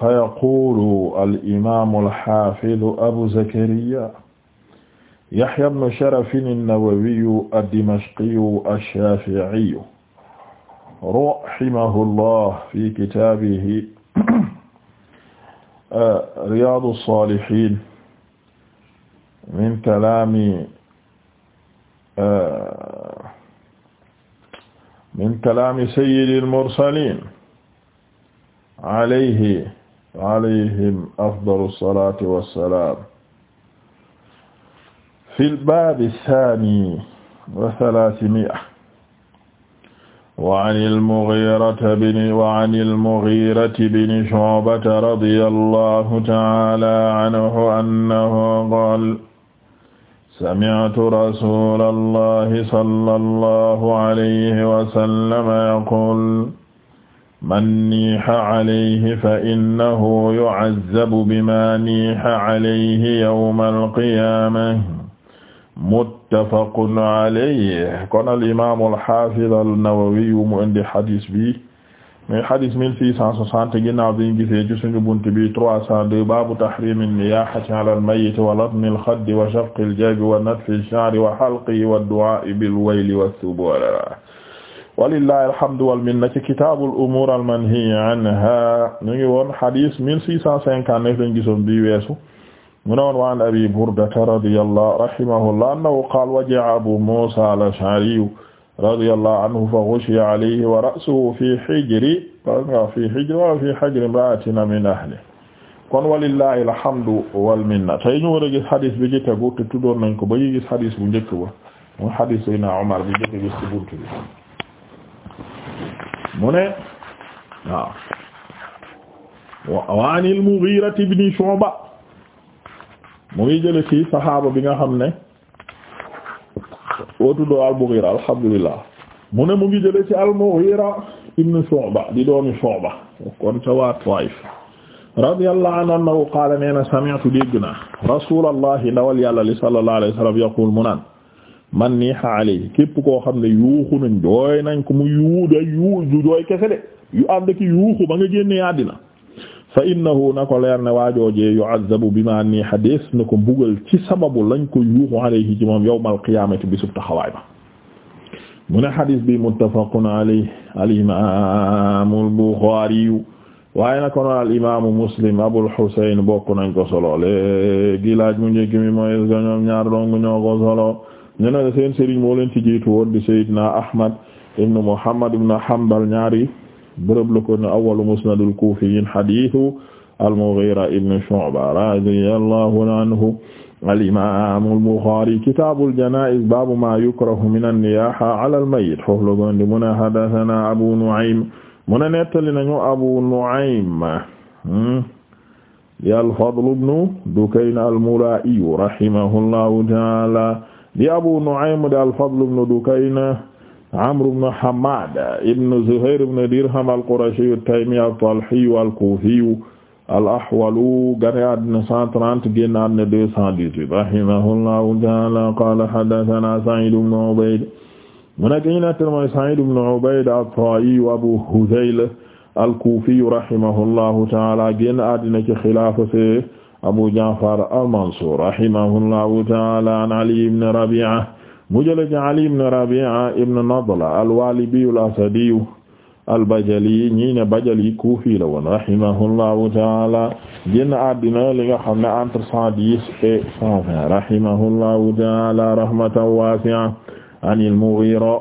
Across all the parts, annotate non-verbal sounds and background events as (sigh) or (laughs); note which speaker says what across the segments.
Speaker 1: فيقول الإمام الحافظ أبو زكريا يحيى بن شرف النووي الدمشقي الشافعي رحمه الله في كتابه رياض الصالحين من كلام من كلام سيد المرسلين عليه alayhim afdalu salaati wa salaam fil baabi saani wa salaasimi'a wa anil Mughiirata bni wa anil Mughiirati bni Shu'bata radiyallahu ta'aala anhu annahu qaala sami'tu rasuulallahi sallallahu alayhi wa sallam yaquulu man niixa alayhi fa innahu yucazzabu bimaa niixa alayhi yawma alqiyaama muttafaqun alayhi kon alimaamu alxaafid annawawiyu mu indi xadis bi muy xadis mille six cent soixante ginnaaw bi ñu gisee ci suñu bunt bi trois cent deux baabu taxriimi niyaaxati ala almayyiti wa latmi alxaddi wa shaqi aljaabi wa natfi alsha'ri wa xalqihi wa addu'aa'i bilwayli wa subura walillahi alhamdu wal minna ci kitaabul umuur al manhi anha ñu ngi woon hadith mille six cent cinquante-neuf lañ gisoon bi weesu mu ne woon wa an abi burdata radiyallahu rahimahullah annahu qaala waja'a abu muusa al-ash'ari radiyallahu anhu fa ghushiya alayhi wa ra'suhu fi hijri wa fi hijri wa fi hijri imra'atin min ahlihi kon walillahi alhamdu wal minna tey ñu war a gis hadith bi ci tegu te tuddoon nañ ko ba ñu gis hadith bu njëkk ba mu hadith Seydina Umar bi njëkk gis ci buntu bi mu ne waaw wa anil Mughira ibn Shu'ba mu ngi jële ci saxaaba bi nga xam ne woo tuddoo al Mughira alhamdulillah mu ne mu ngi jële ci al Mughira ibn Shu'ba di doomi Shu'ba kon ca waa Taif radiyallahu anhu annahu qaala nee na sami'tu dégg naa rasulallahi ndawal yàlla li sallallahu alayhi wa yaqul mu naan man niha alayhi képp koo xam ne yuuxu nañ jooy nañ ko mu yuu day yuu jooy kese de yu ànd ki yuuxu ba nga génnee àddina fa innahu na ko leer ne waajoojee yu'azzabu bima niha dees na ko mbugal ci sababu lañ ko yuuxu alayhi ci moom yawmal qiyaamati bisub taxawaay ba mu ne xadis bi muttafaqun alayhi al imaamu al buxaari waaye na ko noon al imaamu muslim abul husayn bokk nañ ko solo léegi laaj mu njëkk mi mooy ñoom ñaar dong ñoo ko solo ñu ne seen sëriñ moo leen ci jiitu woon di Seydina Ahmad ibn Muhammad ibn Hanbal ñaari bërëb la ko ne awwalu musnadul kuufiyyiin hadiisu al-Mughiira ibn Shu'ba radiyallahu anhu al-imaam al-Buxaari kitaabul janaa'iz baabu maa yukrahu mina niyaaha alal mayyit foofu la gondi mu ne haddasanaa Abu Nu'aym mu ne nettali nañu Abu Nu'aym hmm, al-Fadl ibn Dukayn al-Mulaa'i rahimahullahu ta'aala di Abu Nu'aym di al-Fadl ibn Dukayn Amr ibn Hammad ibn Zuhayr ibn Dirham al-Qurashi at-Taymi at-Talhi al-Kufi al-Ahwal gane àddina 130 génn àddina 218 rahimahullahu ta'ala qala haddathana Sa'id ibn Ubayd mu nekk ñu nettal mooy Sa'id ibn Ubayd at-Ta'i Abu Hudhayl al-Kufi rahimahullahu ta'ala génn àddina ci xilaafa Abu Ja'far al-Mansur rahimahullahu ta'ala an Ali ibn Rabi'a mu jële ci Ali ibn Rabi'a ibn Nadla al-Walibi al-Asadi al-Bajali ñi ne Bajali Kufi la woon rahimahullahu ta'ala génn àddina li nga xam ne entre cent dix et cent vingt rahimahullahu ta'ala rahmatan wasi'a an al-Mughira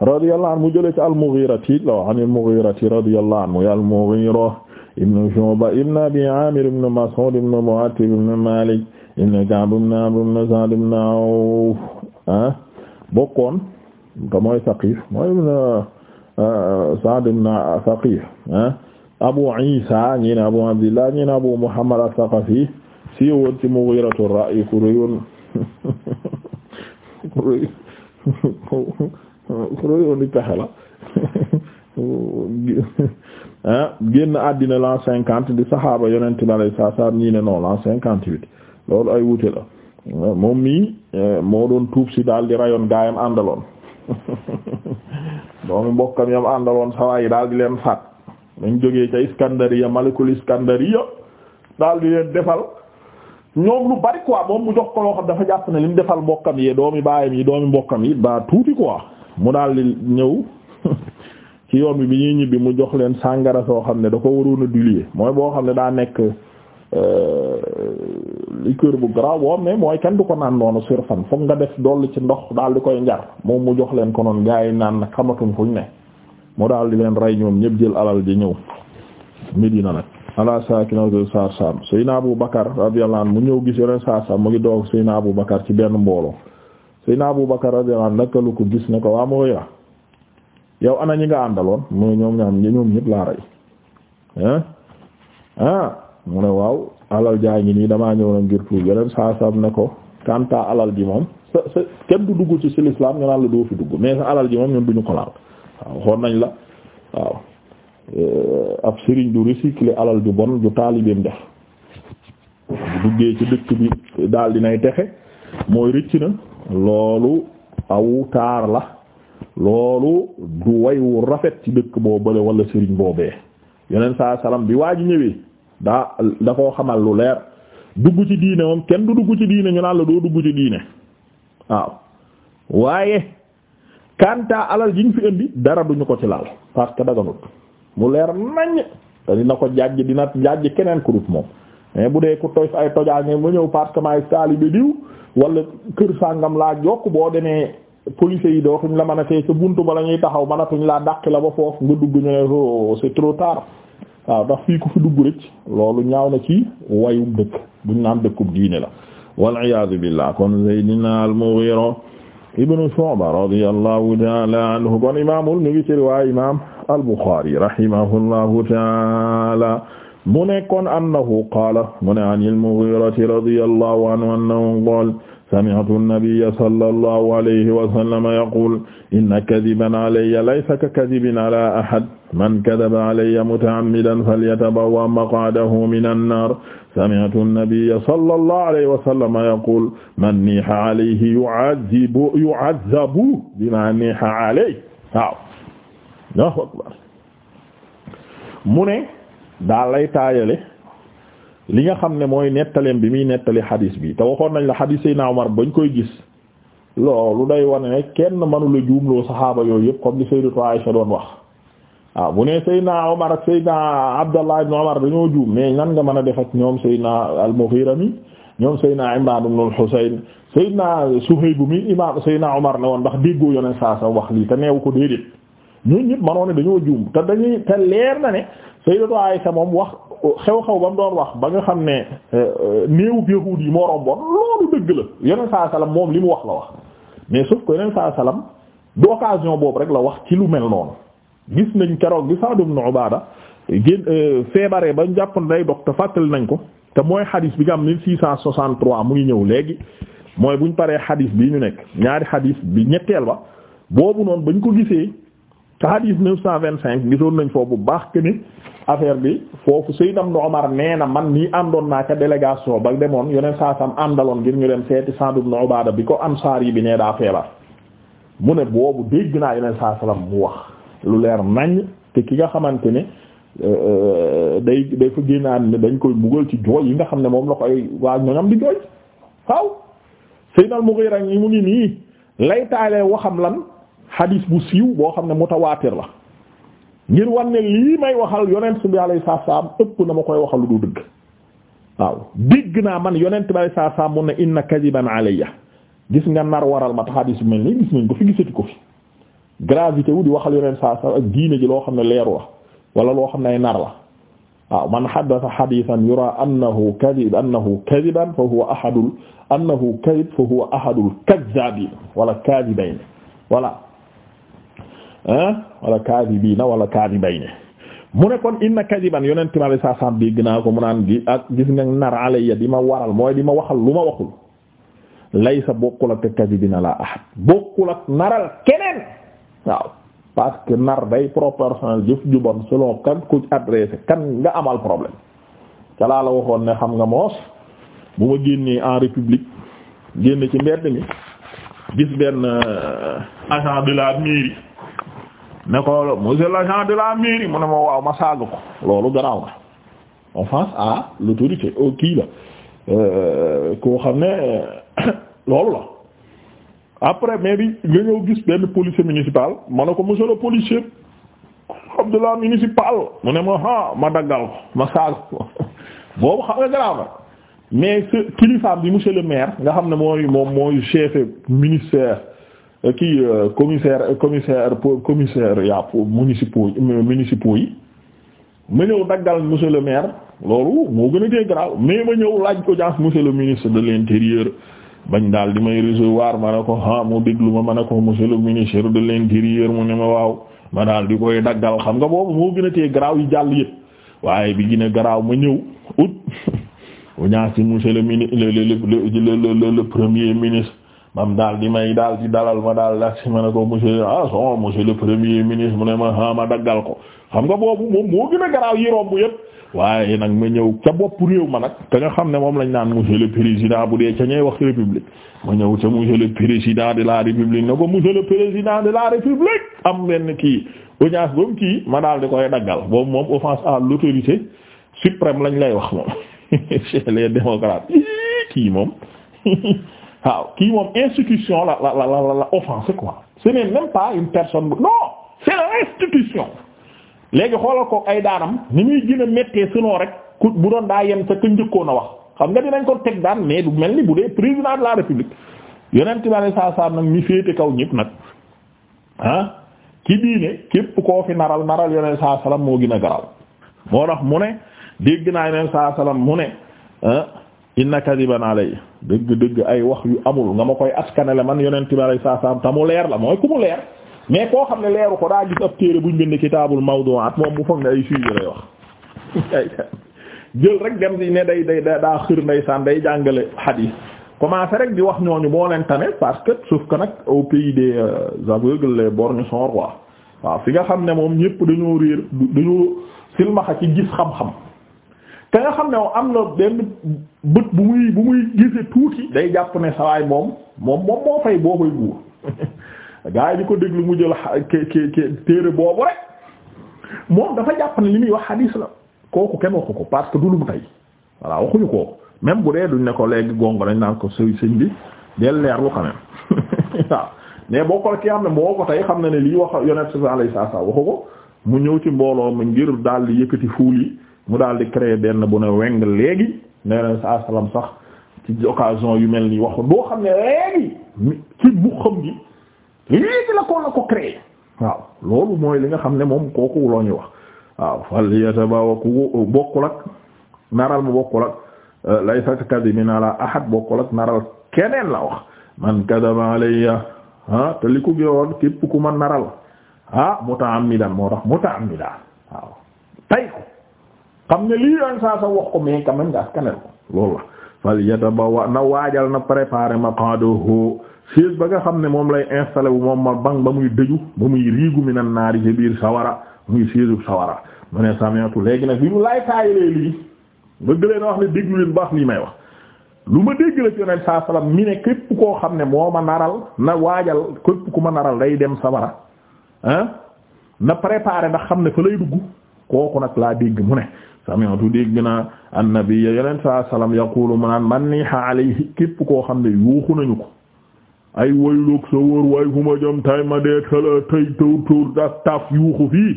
Speaker 1: radiyallahu anhu mu jële ci al-Mughira la an al-Mughira radiyallahu anhu al-Mughira ibn Shuba Amir ibn Mas'ud ibn Mu'attib ibn Malik ibn Ka'b ibn Amr ibn ah, mooy Saqif mooy ibn ah, Sa'd ibn Saqif ah, Abu Isa ñi ne Abu Abu Muhammad as-Saqafi si woon ci Mughiratu ray ku réyoon ku réy Ah, génn àddina l'an cinquante di saxaaba yonente bi alayhi salaatu salaam ñii l'an cinquante huit loolu ay wute la moom mii eh, moo doon tuub si daal di rayon gaayam àndaloon (laughs) doomu mbokkam yam àndaloon sawaay daal di leen faat dañ jógee ca Iskandariya malikul Iskandariya daal di leen defal ñoom lu bari quoi moom mu jox ko xam dafa jàpp ne li defal mbokkam yi doomi baayam yi doomi mbokkam yi ba tuuti quoi mu daal di ñëw ci yoon bi bi ñuy ñibbi mu jox leen sàngara soo xam ne da ko waroon a diluer mooy boo xam ne daa nekk euh, liqueur bu gras boo xam ne mooy kenn du ko naan noonu sur fan fokk nga def dolli ci ndox daal di koy njar moom mu jox leen ko noonu gaa yi naan nag xamatuñ fuñ ne mu daal di leen rey ñoom ñëpp jël alal ji ñëw Medina nag ala saakina sar sam Seydina Abu Bakar radiyallahu anhu mu ñëw gis yeneen sar sam mu ngi doo doog naa Abu Bakar ci benn mbooloo Seydina Abu Bakar radiyallahu anhu naka ko gis ko yow ana ñi nga àndaloon mooy ñoom ñaam ñoom ñëpp laa rey ah mu ne waaw alal jaa ngi nii damaa ñëw na ngir tuub yeneen saa saam ne ko kanta alal ji moom sa sa kenn du dugg ci si l'islam la doo fi dugg mais sa alal ji moom ñun du ko laal waaw xool nañ la waaw euh, ab sëriñ du recycler alal ju bon ju taalibeem def bu duggee ci dëkk bi daal dinay texe mooy rëcc na loolu aw taar la loolu du wayu rafet ci dëkk boo bële wala sëriñ boobee yeneen saa salaam bi waa ji ñëwee daa da koo xamal lu leer dugg ci diine moom kenn du dugg ci diine ñu naan la doo dugg ci diine waaw waaye kanta alal ji ñu fi indi dara duñu ko ci laal parce que daganut mu leer naññ te dina ko jàjj dina jàjj keneen ku moom mais bu dee ku toj ay tojaange mu ñëw parce que maay taalibe diw walla kër sàngam laa jokk boo demee police yi dootuñ la mën a tey ca buntu ba la ñuy taxaw mënatuñ laa dàq la ba foofu nga dugg ñu ne oh, c'est trop tard waaw fi dugg rek loolu ñaaw na ci wayum dëkk buñ naan dëkkub diine la wal iyaadu billah kon Seydina al-Mughira ibnu Shu'ba radiyallahu ta'ala anhu kon imaamul ñu ngi ci riwaaya imaam al-Bukhari mu ne kon annahu qaala mu sami'tu an-nabiyya sallallahu alayhi wa sallam yaqul inna kadiban alayya laysa ka kadibin ala ahad man kadaba alayya muta'ammidan falyatabawwa' maq'adahu mina an-nar sami'tu an-nabiyya sallallahu alayhi wa sallam yaqul man niha alayhi yu'adhabu yu'adhabu bima niha alayhi waaw Allahu akbar mu ne daa lay taayale li nga xam ne mooy nettaleem bi muy nettali xadis bi te waxoon nañ la xadis Seydina Omar bañ koy gis loolu day wane ne kenn mënu la juumloo saxaaba yooyu yëpp comme li Sayyidatu doon wax waaw bu ne Seydina Omar ak Seydina Abdallah ibn Omar dañoo juum mais nan nga mën a def ak ñoom Seydina al-Mughira mi ñoom Seydina Imran ibn al-Husayn Seydina Suhayb mi imam Seydina Omar ne woon ndax déggoo yoneen saa sa wax lii te neewu ko déedéet ñooñu ñëpp mënoon ne dañoo juum te dañuy te leer na xew-xew ba mu doon wax ba nga xam ne euh, euh, néewu yahuud yi moo romboon loolu dëgg la yeneen saa salaam moom li mu wax la wax mais sauf que yeneen saa salaam du occasion boobu rek la wax ci lu mel noonu gis nañ keroog bi Sa'd ibn Ubaada gén euh, feebaree ba jàpp na day dog te fàttali nañ ko te mooy xadis bi nga am 1663 mu ngi ñëw léegi mooy bu buñ paree xadis bii ñu nekk ñaari xadis bi ñetteel ba boobu noonu bañ ko gisee te xadis 925 gisoon nañ foofu bu baax que affaire bi foofu Seydina Omar nee na man nii àndoon naa ca délégation ba demoon yeneen saa àndaloon ngir ñu dem seeti Sa'd ibn Ubaada bi ko ansaar yi bi nee daa feebar mu ne boobu dégg naa yeneen saa mu wax lu leer nañ te ki nga xamante ni euh, euh, day day fa génnaan ne dañ koy mbugal ci jooy yi nga xam ne moom la koy waa ñoñam di jooy waaw Seydina Mughira ñi mu ngi nii lay taalee waxam lan hadis bu siiw boo xam ne mutawaatir la. ngir wan ne lii may waxal yonent bi alayhi salaam ëpp na ma koy waxal lu du dëgg waaw dégg naa man yonent bi alayhi salaam mu ne inna kadiban alayya gis nga nar waral ma taxadis bi mel nii gis nañ ko fi gisati ko fi gravité wu di waxal yonent salaam ak diine ji loo xam ne leeru la wala loo xam ne ay nar la waaw man haddatha hadithan yura annahu kadib annahu kadiban fa huwa ahadul annahu kadib fa huwa ahadul kadhabin wala kadibayn wala wala kaadibiina wala kaadibayni mu ne kon inna kadiban yonent ma la sa saam dégg naa ko mu naan gi ak gis nga nar alayya di ma waral mooy di ma waxal lu ma waxul sa bokkul ak kadibina laa ahad bokkul ak naral keneen waaw parce que nar day proportionnel jëf ju bon selon kan ku adressé kan nga amal problème ca laa la waxoon ne xam nga moos bu ma génnee en république génn ci mbedd mi gis benn euh, agent de la mairie ne ko monsieur l'agent de la mairie mu ne ma waaw ma saaga ko loolu garaaw na offense à l'autorité au oh, kii la euh, koo xam ne (coughs) loolu la après mais bi nga ñëw gis benn policier municipal ma ne ko monsieur le policier de la ne ma ah ma daggal ko ma saaga ko (laughs) boobu xam nga garaaw na mais kilifaam bi monsieur le maire nga xam ne mooy moom mooy chef ministère kii euh, commissaire commissaire commissaire ya municipaux euh, municipaux yi ma ñëw daggal monsieur le maire loolu moo gën a dee garaaw mais ma ñëw laaj audience monsieur le ministre de l'intérieur bañ daal di may recevoir ma ne ko ah mu déglu ma ma ne ko monsieur le ministre de l'intérieur mu ne ma waaw ma daal di koy daggal xam nga boobu moo gën garaaw yi jàll yëpp waaye bi gën a garaaw ma ñëw ut audience (laughs) ci monsieur le ministre le le le le premier ministre. mam daal di may daal di dalal ma daal dak si ma ne ko monsieur ah son monsieur le premier ministre mu ne ma xama ah, daggal ko xam nga boobu moom moo gën a garaaw yi romb yëpp waaye nag ma ñëw ca bopp réew ma nag te nga xam ne moom lañ naan monsieur le président bu dee ca ñey wax république ma ñëw ca monsieur le président de la république ne ko monsieur le président de la république am benn kii audience boobu kii ma daal di koy daggal boobu moom offense à l'autorité suprême lañ lay wax moom (laughs) chez les démocrates kii (laughs) waaw kii moom institution la la la la la offense quoi ce n'est même pas une personne non c'est l'institution léegi xoolal ko ay daanam ni muy gën a méttee sinon rek ku bu doon daa yem sa ka njëkkoon a wax xam nga dinañ ko teg daan mais bu mel ni bu dee président de la république yonent bi alei saa nag mi féete kaw ñëpp nag ah ki diine képp koo fi naral naral yonent saa salaam moo gën a garaw moo tax mu ne dégg naa yonent saa salaam mu ne ah, inna kadiban alay dëgg-dëgg ay wax yu amul nga ma koy askanale man yonente bi alay saa salaam te mu leer la mooy ku mu leer mais koo xam ne leeru ko daa gis ab téere buñ bind kitaabul mawdu'aat moom bu foog ne ay sujet lay wax (laughs) jël rek dem di ne day day daa xër ndeysaan day jàngale hadith commencé rek di wax ñooñu boo leen tane parce que sauf que nag au pays des euh, aveugles les borgnes sont rois waaw fi nga xam ne moom ñépp dañoo réer dañoo silmaxa ci gis xam-xam bët bu muy bu muy gise tuuti day jàpp ne sawaay moom moom moom moo fay boo koy buur (laughs) gaa yi di ko déglu mu jël ke ke ke téere boobu rek moom dafa jàpp ne li muy wax hadis la kooku kenn waxu ko parce que du lu mu tey voilà waxuñu ko même bu dee duñ ne ko léegi gongo dañ naan ko sëy sëñ bi del leerlu quand même (laughs) waaw mais boo ko ki xam ne moo ko tey xam na ne lii wax yonent sallallahu alayhi wasallam waxu ko mu ñëw ci mbooloo mi ngir daal di yëkkati fuul yi mu daal di créer benn bu ne léegi nee na saa salaam sax ci occasion yu mel ni waxoon boo xam ne léegi ci bu xam gi léegi la ko la ko créé waaw loolu mooy li nga xam ne moom kooku loo ñu wax waaw fal yatabawa ku bokkul ak naral mu bokkul ak euh, laysa kadibin ala ahad bokkul ak naral keneen la wax man kadaba alayya ah, te li ko gëwoon képp ku ma naral ah mutaammidan moo tax mutaammidan waaw tay ko xam ne lii yoon saa sa wax ko mais quand même nga askanel ko loolu la fal yatabawa na waajal na préparer maqaduhu siis ba nga xam ne moom lay installé bu moom ma bang ba muy dëju ba muy riigu minan naari ci biir sawara muy siisu sawara mu ne sami'tu léegi nag li mu laay taayilee lii bëgg leen wax ne déglu leen baax lii may wax lu ma dégg la ci yonent saa salaam mi ne képp koo xam ne moo ma naral na waajal képp ku ma naral day dem sawara na xam ne lay dugg kooku nag laa dégg mu ne sami'tu dégg naa annabiyya yeneen saa salaam yaqulu mu naan man niha alayhi képp koo xam ne yuuxu nañu ko ay wayloog sa wóor way fu ma jëm tay ma dee tala tay tóor taf yuuxu fii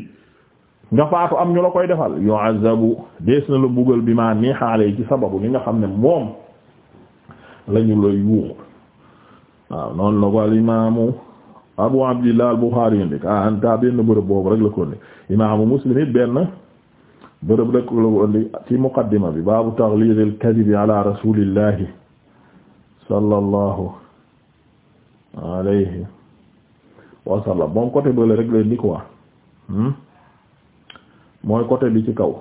Speaker 1: nga faatu am ñu la koy defal yu'azzabu des na la bugal bi ma niha alayhi ci sababu li nga xam ne moom lañu la yuuxu waaw noonu la ko al abu abdillah al-Bukhari indi ah anta benn bërëb boobu rek la ko indi imaamu Muslim it benn bërëb rek la ko indi ci muqaddima bi baabu taghliz al-kadhib ala rasulillahi sallallahu alayhi wa sallam moom côté bële rek la indi hmm? mooy côté bi ci kaw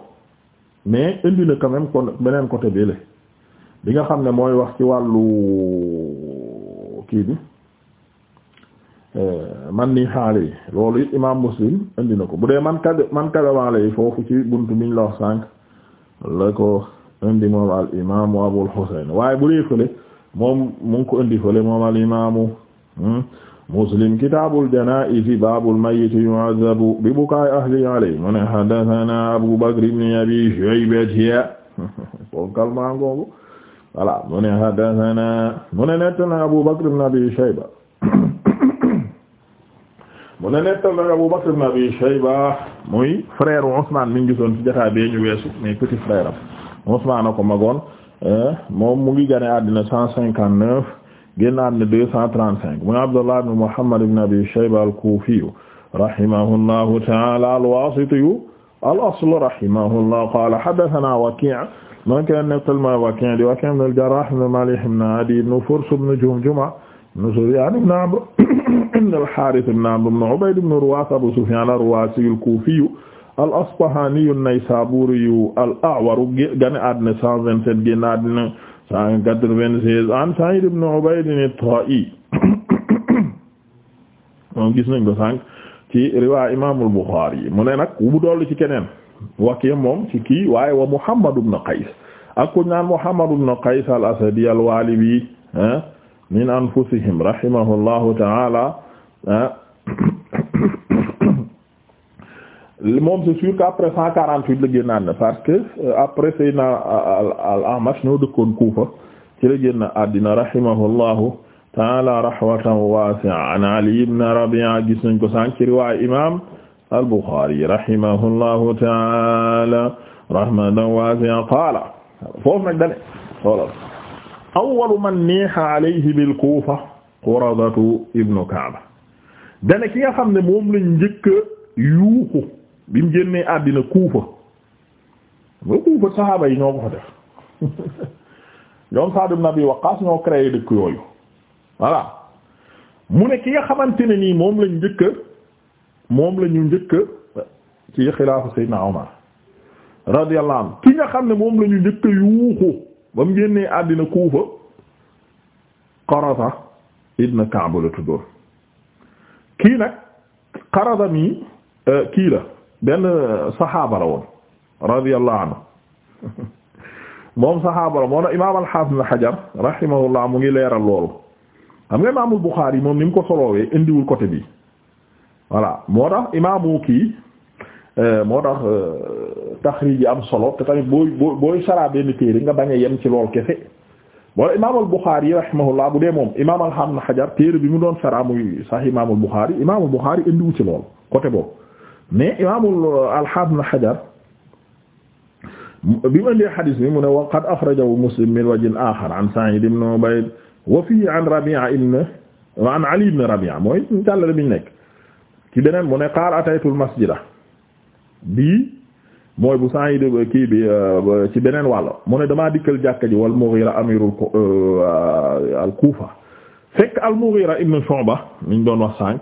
Speaker 1: mais indi na kon beneen côté bi la bi nga xam ne mooy wax ci wàllu kii bi Eh, man ni xaale yi loolu it imaam muslim indi na ko bu dee man kaddu man kaddu waale yi foofu ci buntu biñ la wax sànq la ko indi moom al imaamu abul xuseyn waaye bu dee fële moom mu ngi ko indi moom al imaamu hmm, muslim kitaabul janaa'iz baabul mayyiti yu'azzabu bi bukaa'i ahlihi alayhi mu ne haddathanaa abu bakr ibn abi shaybata fonkal maa ngoongu voilà mu ne haddathanaa mu ne nettana abu bakr ibn abi shayba (laughs) mu ne nettal nag Abu Bakr ibn Abi Shayba muy frère Ousmane mi ngi gisoon ci jotaay bee ñu weesu mais petit frère am Ousmane a ko magoon eh, moom mu ngi gane àddina cent cinquante neuf génn àddina deux cent trente cinq muy Abdullah ibn Muhammad ibn Abi Shayba al-Kufi rahimahullahu ta'ala al-Wasiti al-asl rahimahullah qala haddathana Waki' man kan nettal ma Waki' di Waki' ibn al-Jarrah ibn Malih ibn Adi ibn Furs ibn Jumjuma ibn Suryan ibn Amr ibn al-Harith ibn Amr ibn Ubayd ibn Ruwaas Abu Sufyaan ar-Ruwaasi al-Kuufi al-Asbahaani an-Naysaabuuri al-A'war gane àddina 127 génn àddina 196 an Sa'iid ibn Ubayd at-Taa'i moom gis nañ ko sànq ci riwaa Imaamul Buxaari mu ne nag bu dolli ci keneen Wakii moom ci kii waaye wa Muhammad ibn Qays ak ku naan Muhammad ibn Qays al-Asadi al-Waalibi min anfusihim rahimahullahu ta'ala ah, (coughs) moom c'est sûr qu'après cent quarante-huit la génn na parce que euh, après Seydina al-Amash ñoo dëkkoon Kuufa ci la génn àddina rahimahullahu ta'ala rahmatan wasi'a an Ali ibn Rabi'a gis nañ ko sànq ci riwaay imam al-Bukhari rahimahullahu ta'ala rahmatan wasi'a qaala foofu nag dane awwalu man niiha alayhi bil Kuufa Quradatu ibnu Kaaba dana ki nga xam ne moom lañ njëkk yuuxu bi mu génnee àddina Kuufa ba Kuufa saxaaba yi ñoo ko fa def ñoom Sa'd ibn Abi Waqqaas ñoo créé dëkk yooyu voilà mu ne ki nga xamante ne nii moom lañ njëkk moom la ñu njëkk ci xilaafu Seydina Omar radiyallahu anhu ki nga xam ne moom la ñu yuuxu ba mu génnee àddina Kuufa Qarada ibn Ka'b la tuddoon kii nag Qarada mi euh, kii la benn euh, saxaaba la woon radiyallahu anhu (laughs) moom saxaaba la moo na imaam al-Hafiz ibn Hajar rahimahullah mu ngi leeral loolu xam nga imaamul Buxaari moom ni mu ko soloowee indiwul côté bi voilà moo tax imaamu kii euh, moo tax taxriij yi am solo te tamit booy booy booy saraa benn téere a yem ci lool kese wala imaam al Buxaari rahimahullah bu dee moom imaam na Hajar téere bi mu doon saraa muy sax imaam al Buxaari imaam al Buxaari indiwu ci lool côté boobu mais imaam al Hajar bi mu indee xadis bi mu ne wa qad axrajahu Muslim min wajhin axar an Sa'iid ibn Ubayd Rabi'a ibn wa an Ali ibn Rabi'a mooy jàllale bi nekk ci beneen mu ne qaala ataytu al masjida mooy bu Sa'id kii bi euh, ci beneen wàll mu ne damaa dikkal jàkka ji wal Mughira amirul euh, euh, al Kufa fekk al Mughira ibn Shu'ba niñ doon wax sànq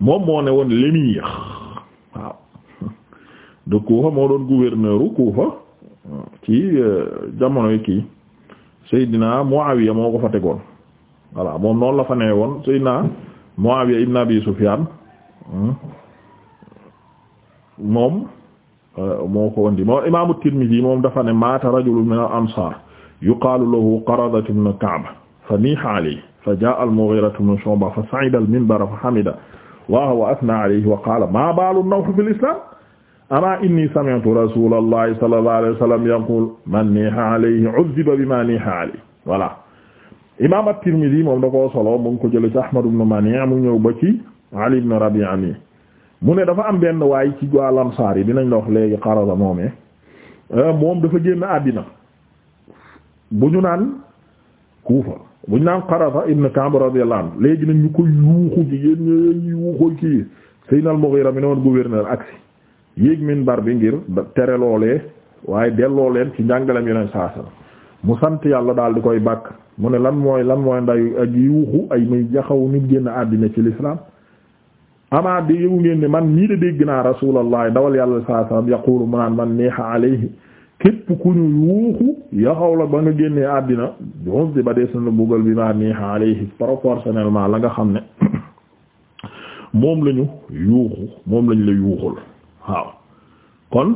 Speaker 1: moom moo ne woon l'émir waaw (laughs) de Kufa moo doon gouverneur u Kufa ci jamonoy kii Seydina Muawiya moo ko fa tegoon voilà moom noonu la fa nee woon Seydina Muawiya ibn Abi Sufyan hmm. moom moo ko indi moom imaamu Tirmidhi moom dafa ne maata rajulun min al-ansaar yuqaalu lahu Qaradatu ibn Ka'b fa niiha alayhi fa jaa'a al-Mughiratu ibn Shu'ba fa sa'ida al-minbara fa hamida Allaha wa athna alayhi wa qaala maa baalu nawhi fil islaam amaa inni sami'tu rasuulallahi sallallahu alayhi wa sallam yaquul man niiha alayhi 'udhiba bimaa niiha alayhi voilà imaam at-Tirmidhi moom da koo solo mu ngi ko jëlee ci Ahmad ibn Mani' mu ñëw ba ci Ali ibn Rabi'a mu ne dafa am benn waay ci waa lansaar yi dinañ la léegi xarala moomee euh, moom dafa génn àddina bu ñu naan kuufa bu ñu naan xarasa ibn Ka'b radiyallahu anhu léegi nag ñu ko yuuxu ci yéen ñu yuuxu ci Sayyid al ne woon gouverneur aksi yéeg minbar bi ngir tere loolee waaye delloo leen ci njàngalem yeneen saa mu sant yàlla daal di koy bàkk mu ne lan mooy lan mooy nday ak yuuxu ay muy jaxaw nit génn àddina ci l'islam amaa de yëgu ngeen ne man nii de dégg naa rasulallah dawal yàlla saa sallam yaqulu mu naan man neexa alayhi képp ku ñu yuuxu yaxaw la ba nga génnee àddina joons di ba bi maa neexa alayhi proportionnellement la nga xam ne (coughs) moom la yuuxu moom lañ la yuuxul waaw kon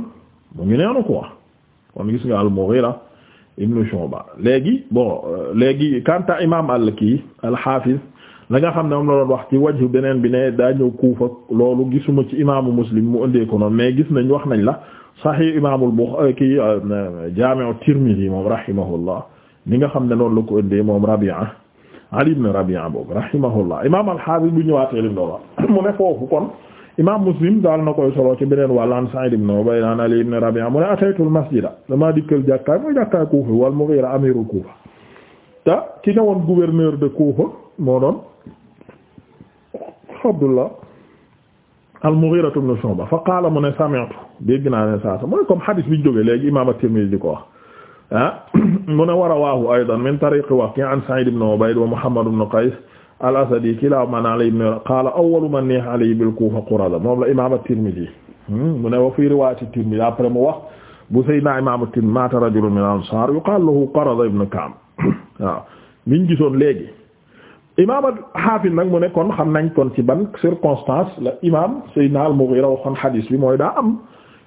Speaker 1: mu ngi neenu quoi kon gis nga al-Mughira ibnu Shuba léegi bon léegi kanta imam al kii al-Hafiz la nga xam ne moom la doon wax ci waju beneen bi ne daa ñëw kuufa loolu gisuma ci imaamu muslim mu ëndee ko noonu mais gis nañ wax nañ la sahih imaamul Buxaari euh, ki euh, jaami'u Tirmidhi moom rahimahullah ni nga xam ne noonu la ko ëndee moom Rabi'a Ali ibn Rabi'a boobu rahimahullah imaam al-Hafiz bu ñëwaatee lim doon wax (coughs) mu ne foofu kon imaam Muslim daal na koy solo ci beneen wàll an Sa'id ibn Ubayy an Ali ibn Rabi'a mu ne ataytul masjida damaa dikkal jàkkaay mooy ki ne woon gouverneur de Kuufa moo doon Abdullah al-Mughira ibn Shu'ba fa qaala mu ne sami'tu dégg naa ne saa sa mooy comme hadith bi ñu jógee léegi imaam at-Tirmidhi di ko wax ah mu ne wa rawaahu aydan min tariiqi Waki' an Sa'id ibn Ubayd wa Muhammad ibn Qays al-Asadi kilaahumaa 'an Ali ibn qaala awwalu man niha Ali bil-Kufa Qurada moom la imaam at-Tirmidhi hmm, mu ne wa fii riwaayati at-Tirmidhi après mu wax bu Seydina imaam at-Tirmidhi maata rajulun min al-ansaar yuqaalu lahu Qurada ibn Ka'b (coughs) waaw liñ gisoon léegi imaam al-Hafiz nag mu ne xam nañ koon ci ban circonstance la imaam Seydina al-Mughira waxoon xadiis bi mooy daa am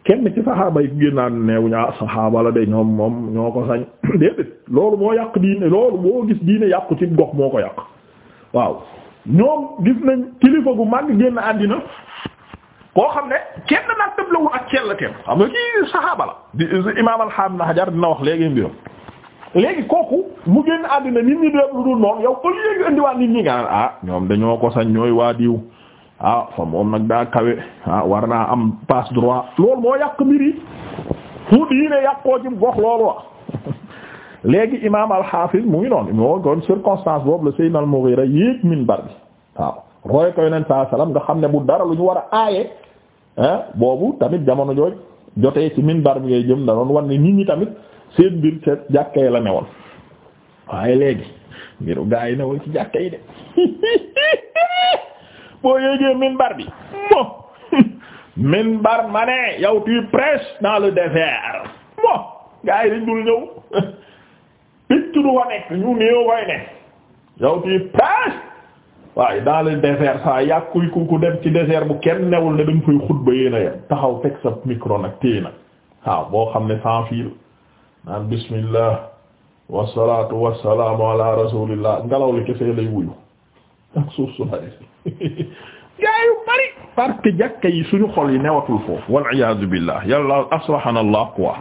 Speaker 1: kenn ci saxaaba yi génnaan neewuñu ah saxaaba la de ñoom moom ñoo ko sañ (coughs) déedéet loolu moo yàq diine loolu boo gis diine yàqu ci gox moo ko yàq waaw ñoom gis nañ kilifa gu mag génn àddina koo xam ne kenn nag tëb lawul ak cell la xam nga kii saxaaba la imaam al-Hafiz na Hajar dina wax léegi mbiram léegi kooku mu génn àddina nit ñi def lu dul noonu yow au lieu indiwaat nit ñi nga ah ñoom dañoo ko sañ ñooy waa diw ah fa moom nag daa kawe ah war naa am passe droit loolu moo yàq mbir yi fu diine yàqoo ci gox loolu wa (laughs) léegi imaam al mu ngi noonu moo doon circonstance boobu la Seydina al-Mughira yéeg minbar bi waaw roye koy neen saa salaam nga xam ne bu dara lu ñu war a aaye ah, boobu tamit jamono jooj jotee ci minbar bi ngay jëm da doon ñi tamit seen mbir ca jàkka yi la newoon waaye léegi mbiru gaa yi newoon ci jàkka yi de (laughs) boo yéegee minbar bi mo (laughs) minbar ma ne yow tu prêches dans le désert mo gaa yi dañ dul ñëw (laughs) picc du fa nekk ñu néew koy ne yow tu prêches waaye dans le désert saa yàkkuy ku ku dem ci désert bu kenn newul ne dañ koy xutba yéen a yem taxaw teg sa micro nag téye nag waaw boo xam ne sans fil naan bismillah wasalaatu wasalaamu ala rasulillah ngelaw li kese lay wuyu ak suuf su bari (laughs) gaa yu bari parce jàkka yi suñu xol yi newatul foofu wal iyaazu billah yàlla aslahana allah quoi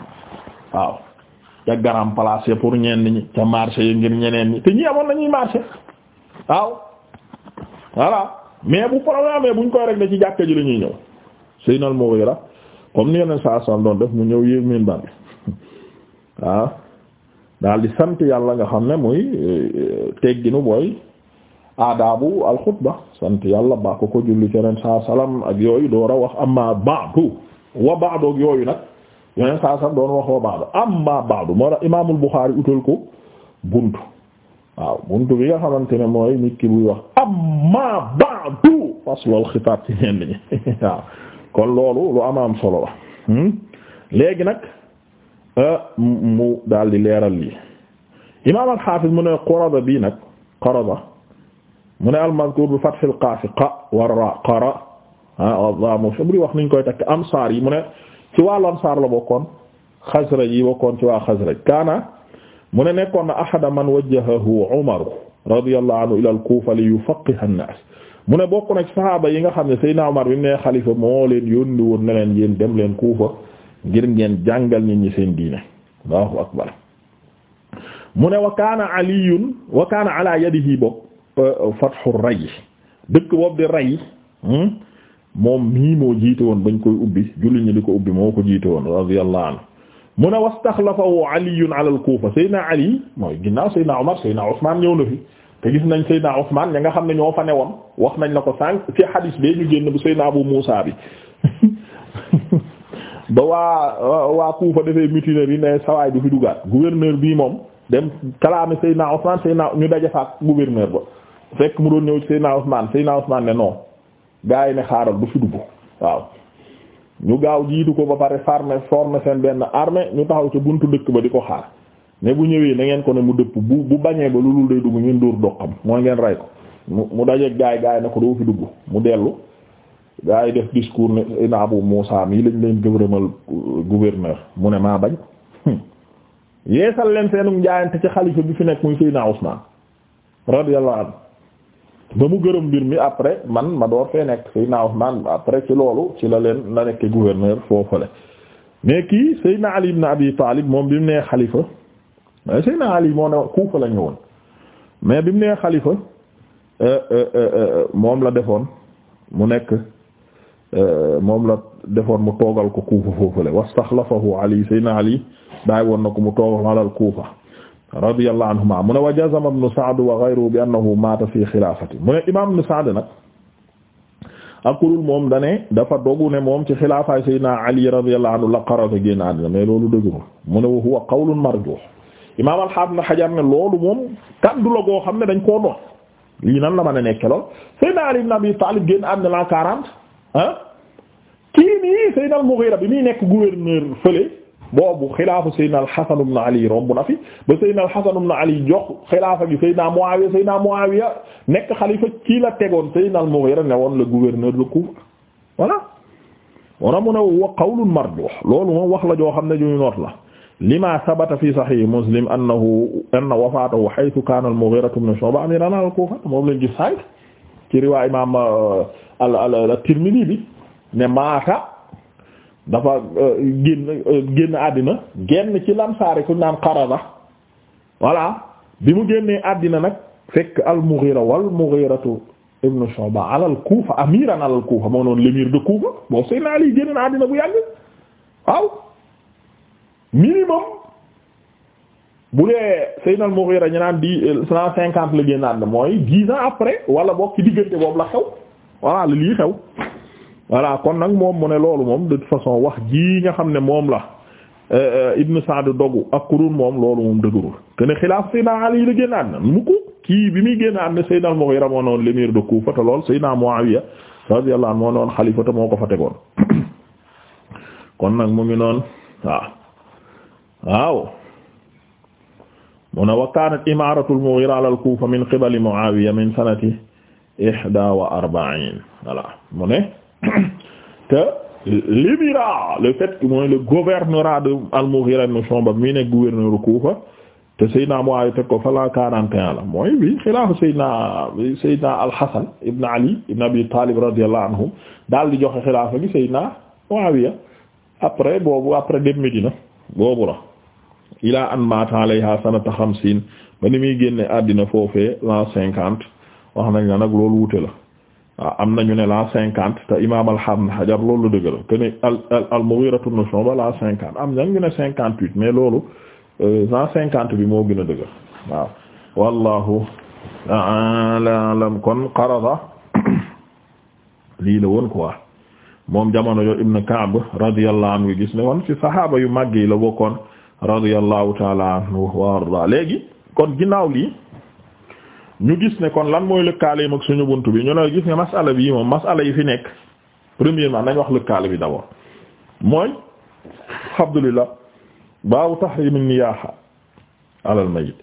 Speaker 1: waaw ca garam place pour ñenn ñi ca marché yi ngir ñeneen ñi te ñi amoon nañuy marché waaw voilà mais bu programme buñ koy rek da ci jàkka ji la ñuy ñëw sëy nal moo wéy yeneen saa saa doon def mu ñëw yéeg min ban ah daal di sant yàlla nga xam ne muy euh, tegginu booy aadaabu alxutba sant yàlla ba ko ko julli keneen saa salaam ak yooyu door a wax amma ba'du wa ba'du yooyu nag yeneen saa salaam doon wax wa ba'du amma ba'du moo tax imaamul Buxaari utal ko buntu waaw buntu bi nga xamante ne mooy nit ki buy wax amma ba'du faslul xitaab ci ñenn ñi (laughs) waaw kon loolu lu amaam solo la hmm? léegi nag. Ah, mu daal di leeral lii imaam al-Hafiz mu ne qarada bii nag qarada mu ne al-mazkur bi fathil qaaf qa war ra qara ah waaw buri wax niñ koy takk ansaar yi mu ne ci wàllu ansaar la bokkoon Xasraj yi bokkoon ci waa Xasraj kaana mu ne nekkoon na ahada man wajjahahu Umar radiyallahu anhu ila al-Kufa li yufaqqiha an-naas mu ne bokk na ci saxaaba yi nga xam ne Seydina Umar bi mu ne xalifa moo leen yónni woon ne leen yéen dem leen Kufa ngir ngeen jàngal nit ñi seen diine Allahu akbar mu ne wa kaana aliyun wa kaana ala yadihi bopp euh, fathu ray dëkk boobu di ray hmm, moom mii moo jiite woon bañ koy ubbi julli ñu di ko ubbi moo ko jiite woon radiyallahu anhu mu ne wastaxlafahu aliyun ala al-kuufa Ali mooy ginnaaw Seydina Omar Seydina Ousmane ñëw na te gis nañ Seydina Ousmane ña nga xam ne ñoo fa newoon wax nañ la ko sànq ci hadis bee ñu génn bu Seydina Abu Muusa bi (laughs) ba waa waa Kufa defee yi ne sawaay du fi dugaat gouverneur bii moom dem kalaame Seydina Ousmane Seydina ñu daje fa ak gouverneur ba fekk mu doon ñëw Seydina Ousmane Seydina Ousmane ne non gaa ne xaaral du fi dugg waaw ñu gaaw jiitu ko ba pare farme forme seen benn armée ñu taxaw ci buntu dëkk ba di ko xaar ne bu ñëwee na ngeen ko ne mu dëpp bu bu bañee ba lu dul day dugg ngeen dóor doqam mooy ngeen rey ko mu mu dajeeg gaay gaay na ko doo fi dugg mu dellu gaa yi def discours ne ina Abu Muusa mii lañ leen gëvrëmal euh, gouverneur mu ne maa bañ hmm. yeesal leen seenum njaayante ci xalifa bi fi nekk muy Seydina Usmaan radiyallahu anhu ba mu gërëm mbir mi après man ma door fee nekk Seydina Usmaan après ci loolu ci la leen la nekke gouverneur foofale mais kii Seydina Ali moom bi mu nee xalifa mais Seydina Ali ne Kuufa la ñëwoon mais bi mu nee xalifa euh, euh, moom la defoon mu nekk Euh, moom la defoon mu toogal ko kuufa foofule wastaxlafahu ali sayna ali daay woon na ko mu toogal alal kuufa radiyallahu anhuma mu ne wa jazama ibn Sa'd wa ghayruhu bi annahu maata fi xilaafati mu imaam ibn Sa'd nag akulul moom dane dafa dogu ne moom ci xilaafaay sayna ali radiyallahu anhu la qarata génn àddina mais loolu dëggul mu ne wa huwa qawlun marjuh imaam al-Haafiz Ibn loolu moom kaddu la goo xam ne dañ ko doon lii nan la mën a nekk lool sayna ali ibn Taalib génn àddina ah kii nii Seydina al bi muy nekk gouverneur fële boobu xilaafu Seydina al-Hasan Ali romb na fi ba Seydina al-Hasan ibn Ali jox xilaafa gi Seydina Muawiya Seydina Muawiya nekk ne woon le gouverneur de Koufa voilà wara mu ne wa qawlun marjuh loolu moom wax la joo xam ne juñu noot la lima sabata fi sahih Muslim annahu anna wafatahu haythu kana al-Mughira ibn Shu'ba amiran al-Kufa moom lañ gis ci riwaaya imam al al Tirmidhi bi ne maata dafa euh, génn euh, génn àddina génn ci lamsaare ku naan Qarada voilà bi mu génnee àddina nag fekk al Mughira wal Mughiratu ibnu Shu'ba alal Kufa amiran alal Kufa moo noonu l'émir de Kufa boo seen na bu yàgg waaw minimum bu dee Seydina Al-Mughira ñu naan di cent cinquante la génn àddina mooy dix ans après wala boog ci diggante boobu la xew voilà lii xew voilà kon nag moom mu ne loolu moom de toute façon wax ji nga xam ne moom la euh, euh, Ibn Sa'd dogu ak kurun moom loolu moom dëgërul te ne xilaaf Seydina Ali la génn àddina mukk kii bi muy génn àddina Seydina Mughira moo noon l'émir de Koufa te lool Seydina Muawiya radiyallahu anhu moo noon xalifa te moo ko fa tegoon (coughs) kon nag mu ngi noonu waaw waaw mu ne wa kaanat imaaratul Mughira ala al-Kufa min qibali min sanati ihda wa mu ne (coughs) te libira le fait que mooy le gouvernorat al-Mughira ibn Shu'ba mi nekk gouverneur Kufa te Seydina Muawiya teg ko fa la 41 la mooy bi xilaafu Seydina Seydina al-Hasan ibn Ali ibn Abi Talib radiyallahu anhum daal di joxe xilaafa gi Seydina Muawiya après boobu après dem Medina boobu la ila an mata alayha sanata xamsiin ba ni muy génne àddina foofee l'an cinquante wax nañ la nag loolu wute la waaw ah, am nañu ne la cinquante te imaam alxam xajar loolu dëgg la al al cinquante am na ñu ne mais loolu euh, cinquante bi moo gën a dëgg waaw wallahu ta'ala alam kon qarada (coughs) lii la woon quoi moom jamono yo ibn Ka'b radiyallahu anhu yu màgg yi la bokkoon ta'ala anhu wa arda léegi kon ginnaaw lii ñu gis ne kon lan mooy yi ak suñu bunt bi ñu ne gis nga masala bi moom masala yi fi nekk premièrement nañ wax lëkkaale bi d'abord mooy alhamdulillah baabu tahrim an-niyaha ala al-mayyit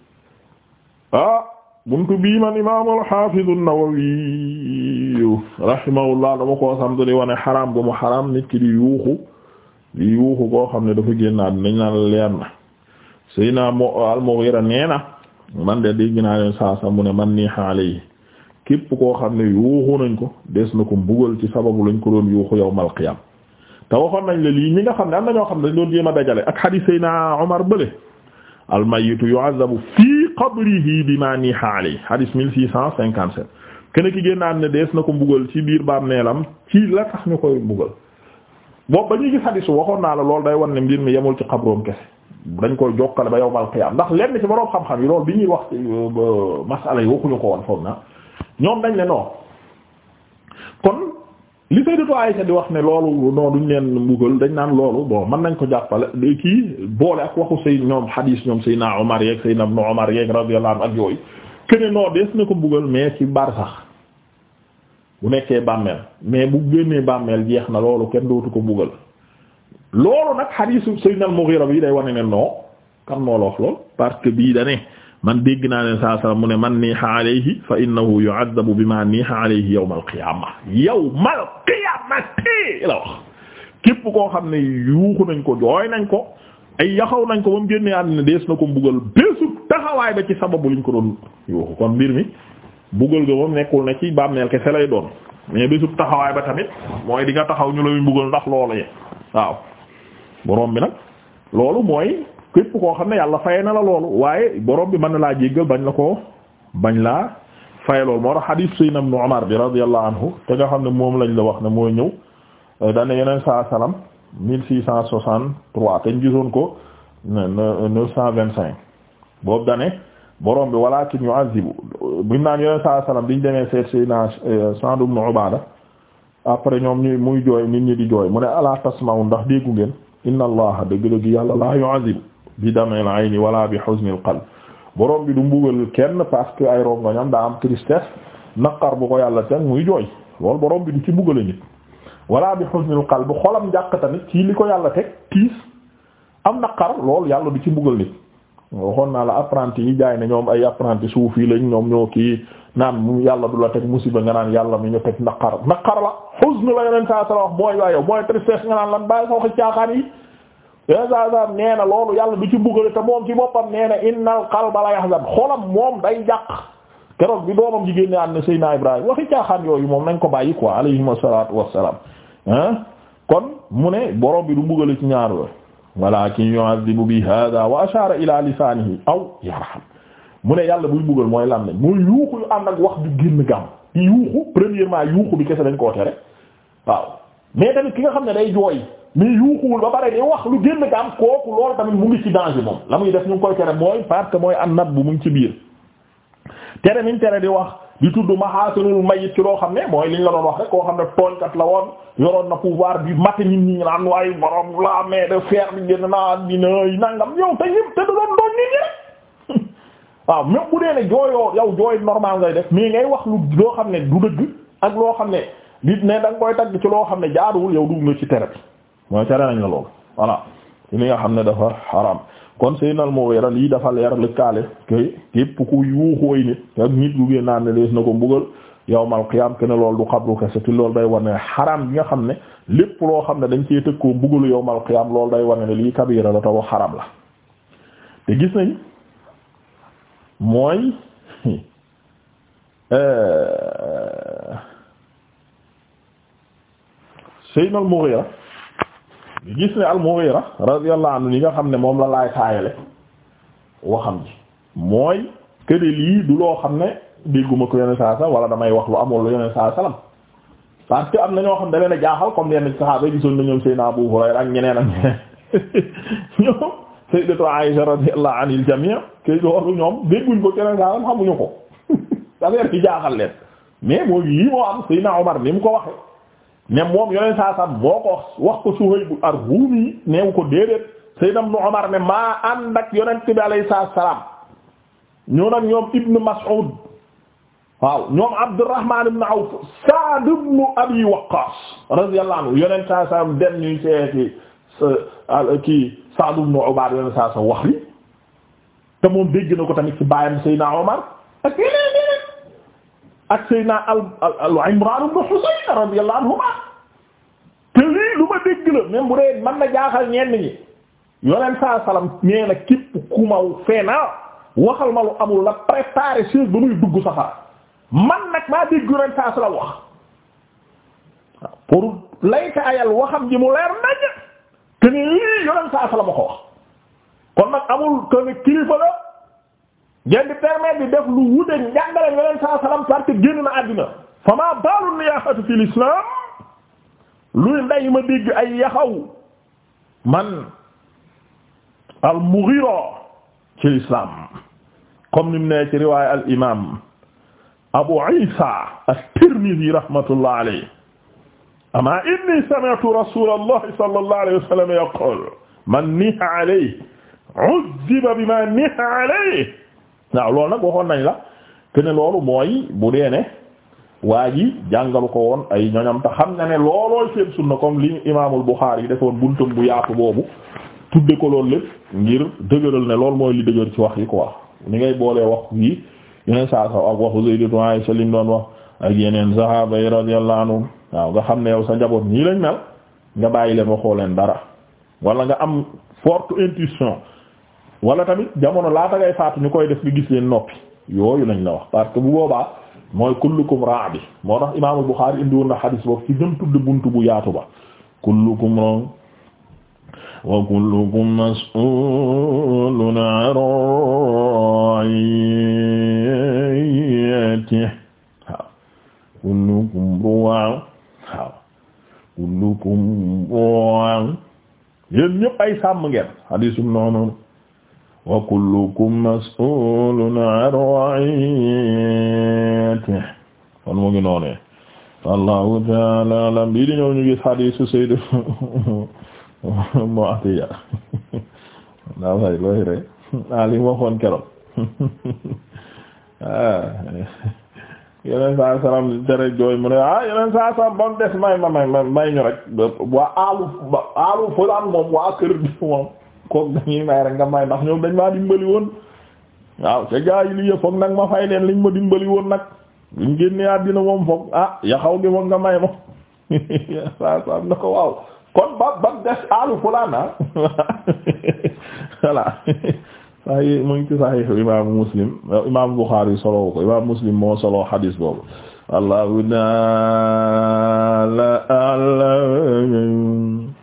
Speaker 1: ah buntu bii man imam al-hafiz an-nawawi dama koo samtu wane xaraam bu mu xaraam nit ki di yuuxu di yuuxu koo xam ne dafa génnaat nañ naan leer na sëy naa mo nee na man de dégg naa saa sa mu ne man nii xaale yi képp koo xam ne yuuxu nañ ko des na ko mbugal ci sababu lañ ko doon yuuxu yawmal qiyaam te waxoon nañ la lii ñi nga xam ne am na ñoo xam ne dañ doon jéem a dajale ak xadiis Seydina Omar bële al mayyitu yu'azzabu fii qabrihi bimaa niiha alayhi xadiis mille six cent cinquante sept kenn ki génnaan ne dees na ko mbugal ci biir bàmmeelam ci la tax ñu koy mbugal boobu ba ñuy gis xadiis waxoon naa la loolu day wan ne mbir mi yemul ci xabroom kese dañ koy jokkale ba yow qiyaam ndax lenn ci boroom xam-xam yi loolu bi ñuy wax euh, masala yi waxuñu ko won foog na ñoom dañ ne non kon li Sayyidatu Aisha di wax ne loolu non duñ leen mbugal dañ naan loolu bon mën nañ ko jàppale kii boole ak waxu say ñoom xadiis ñoom Seydina Omar yeeg Seydina Ibnu Omar yeeg radiyallahu ak yooyu kene non dees na ko mbugal mais ci bar sax bu nekkee bàmmeel mais bu génnee bàmmeel jeex na loolu kenn dootu ko mbugal loolu nag xadiisu sayyidina al-Mughira bi day wane ne non kan moo la wax lool parce que bii dane man dégg naa leen saa salaam mu ne man niiha alayhi fa innahu yu'adhabu bima niiha alayhi yawm al-qiyamah yawm al-qiyamati la wax képp koo xam ne yuuxu nañ ko jooy nañ ko ay yaxaw nañ ko ba mu génnee àddina dees na ko mbugal bésu taxawaay ba ci sababu liñ ko doon yuuxu kon mbir mi mbugal ga moom nekkul ne ci bàmmeel kese lay doon mais bésu taxawaay ba tamit mooy di nga taxaw ñu lay mbugal ndax loolu ye borom bi nag loolu mooy képp koo xam ne yàlla faye na la loolu waaye borom bi mën na laa jéggal bañ la ko bañ laa faye loolu moo tax hadith sayyidina ibn Umar bi radiyallahu anhu te nga xam ne moom lañ la wax ne mooy ñëw euh, dane yeneen saa salam mille six cent soixante-trois te ñu gisoon ko neuf cent vingt-cinq boobu dane borom bi walakin yu'azibu buñ naan yeneen saa salam biñ demee seet sayyidina euh, Sa'd ibn Ubada après ñoom ñu muy jooy nit ñi di jooy mu ne ala tasma'u ndax déggu inna allaha dëgg-dëgg yàlla la yu'azib bi dam'il ayni wala bi huznil qalb borom bi du mbugal kenn parce que ay rongoñam daa am tristesse naqar bu ko yàlla teg muy jooy loolu bi du ci mbugale nit wala bi huznil qalb xolam njàq tamit ci li ko yàlla teg tiis am naqar loolu yàlla du ci mbugal nit waxoon naa la apprenti yi jaay ne ñoom ay apprenti suufi lañ ñoom ñoo kii naan mu yàlla du la teg musiba nga naan yàlla mi ñu teg naqar naqar la xusnu la yeneen saa sala wax mooy waaye yow mooy tristesse nga naan lan bàyyi sa waxi caaxaan yi yeneen na loolu yàlla du ci bugale te moom ci boppam nee na innal qalba la yahzan xolam moom day jàq keroog bi doomam jigéen ne am na Seydina Ibrahima waxi caaxaan yooyu moom nañ ko bàyyi quoi alayhim asalatu wassalam ah mu ne borom bi du bugale ci ñaar yooyu walakin yu'adhibu bi hadha wa ashara ila lisanihi aw yarham mu ne yàlla buy buggal mooy lan nañ mooy yuuxu yu ànd ak wax ju génn gàmm di yuuxu premièrement yuuxu bi kese dañ koo tere waaw mais tamit ki nga xam ne day jooy mais yuuxuwul ba pare day wax lu génn gàmm kooku loolu tamit mu ngi ci danger moom la muy def ñu ngi koy tere mooy parce que mooy am nat bu mu ngi ci biir tere niñ tere di wax di tudd mahaasinul mayit ci loo xam ne mooy liñ la doon wax rek koo xam ne tooñkat la woon yoroon na pouvoir bi mat nit ñi naan waaye borom la mais de fer bi gën naa dina nangam yow te ñëpp te du doon doon nit ñi rek (laughs) waaw même bu dee ne jooyoo yow jooy normal ngay def mais ngay wax lu loo xam ne du dëgg ak loo xam ne nit ne da koy tagg ci loo xam ne jaaduwul yow dugg nga ci tere bi mooy tere nañ la loolu voilà li nga xam ne dafa xaram kon sey nal moo wéeral lii dafa leer lëkkaale koy képp ku yuuxooy nit ak nit bu gén naan ne lees na ko mbugal yawmal qiyam ke ne loolu du xabru kese te loolu day war ne xaram bi nga xam ne lépp loo xam ne dañ cee tëkkoo mbugalu yawmal qiyam lool day war ne lii kabira la taw xaram la te gis nañ mooy sëy nal moo gis ne al-Mughira radiyallahu anhu li nga xam ne moom la laay taayale waxam ji mooy këri lii du loo xam ne dégguma ko yeneen saa salam wala damay wax lu amul yeneen saa salam parce que am na ñoo xam ne da leen a jaaxal comme yenn saxaaba gisoon na ñoom Seydina Abu Hurayra ak ñeneen ak ñeneen (laughs) ñoom Sayyidatu Aisha radiyallahu anil jami' ke loolu ñoom dégguñ ko yeneen saa salam xamuñu ko (laughs) affaire bi jaaxal leen mais mooy lii moo am Seydina Omar ni mu ko waxe ne moom yoneen saa moo ko wax ko Suhayb ar-Rumi neewu ko déedéet Sayyidna Ibn Umar ne maa ànd ak yonent bi alayhi salaam ñoo nag ñoom Ibn waaw ñoom Abdurrahman ibn Abi Waqqas radiyallahu anhu yonent saa sam dem ñuy seeti kii Sa'd ibn Ubaad yoneen saa wax li te moom dégg ko tamit ci baayam Sayyidna Umar ak Seydina al al Imraan ibn Husayn radiyallahu anhuma te lii lu ma dégg la même bu dee man na jaaxal ñenn ñi yoneen saa salaam nee na képp ku ma feenaa waxal ma lu amul la préparer chaise ba muy dugg safara man nag maa dégg yoneen saa salaam wax pour layta ayal waxam ji mu leer nañ te lii yoneen saa salaam a ko wax kon nag amul que ne la. ngeen di permettre di def lu wuute njàngale yeneen saa salaam parce que génn na àddina fa maa baalu niyaahatu fil islam luy nday ma dégg ay yaxaw man al Mughira ci l'islam comme ni mu nee ci riwaaya al imaam Abu Isa at-Tirmidhi rahmatullah alayhi ama inni sami'tu rasulullah sallallahu alayhi wa sallam yaqul man niha alayhi 'udhiba bima niha alayhi waaw lool nag waxoon nañ la que ne loolu mooy bu dee ne waa ji jàngalu ko woon ay ñoñam te xam na ne loolooy seen sunna comme li imaamul Buxaari yi defoon buntum bu yaatu boobu tudde ko loolu lépp ngir dëgëral ne lool mooy li dëgër ci wax yi quoi ni ngay boolee wax yi yeneen saa saw ak waxu Sayyidatu Aisha lim doon wax ak yeneen sahaaba yi radiyallahu anhum waaw nga xam ne yow sa njaboot nii lañ mel nga bàyyi leen waxoo leen dara wala nga am forte intuition wala tamit jamono laata ngay faatu ñu koy def bi gis leen noppi yooyu lañ la wax parce que bu boobaa mooy kullukum raa bi moo tax imaamul Buxaari indi woon na xadis boobu ci gën tudd buntu bu yaatu ba kullukum raa wa kullukum mas'ulun an ra'iyyatihi ay sàmm ngeen xadisum noonu wa kullukum mas'ulun 'an ra'iyyatihi kon mu ngi noonee wallahu ta'ala a'lam bi di ñëw ñu gis hadith Sayyidu Mu'tiya daa fay looy rek naa ah, li waxoon keroog yeneen saa salaam tere jooy mu ne ah yeneen saa salaam ba mu des may ma may may ñu rek waa aalu ba aalu fulaan moom waa kër bi moom kook dañuy may rek nga may ndax ñoom dañ maa dimbali woon waaw ca gaa yi li foog nag ma fay leen liñ ma dimbali woon nag luñ génnee àddina moom foog ah yaxaw gi foog nga may moom (laughs) saa na ko waaw kon ba ba des alu fulaana ah. (laughs) voilà sahih mu ngi ci sahih imam muslim imam bukhari solo ko imam muslim moo solo hadis boobu wallahu ta'ala a'lam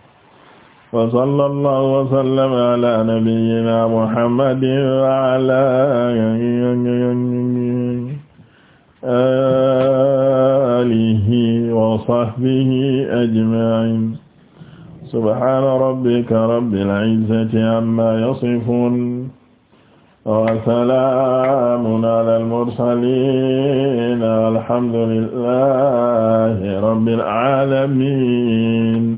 Speaker 1: wa sallallahu wa sallam ala nabiyyina muhammadin wa ala alihi wa sahbihi ajma'in subhana rabbika rabbil izzati amma yasifun wa salaamun ala al-mursalin walhamdulillahi rabbil alamin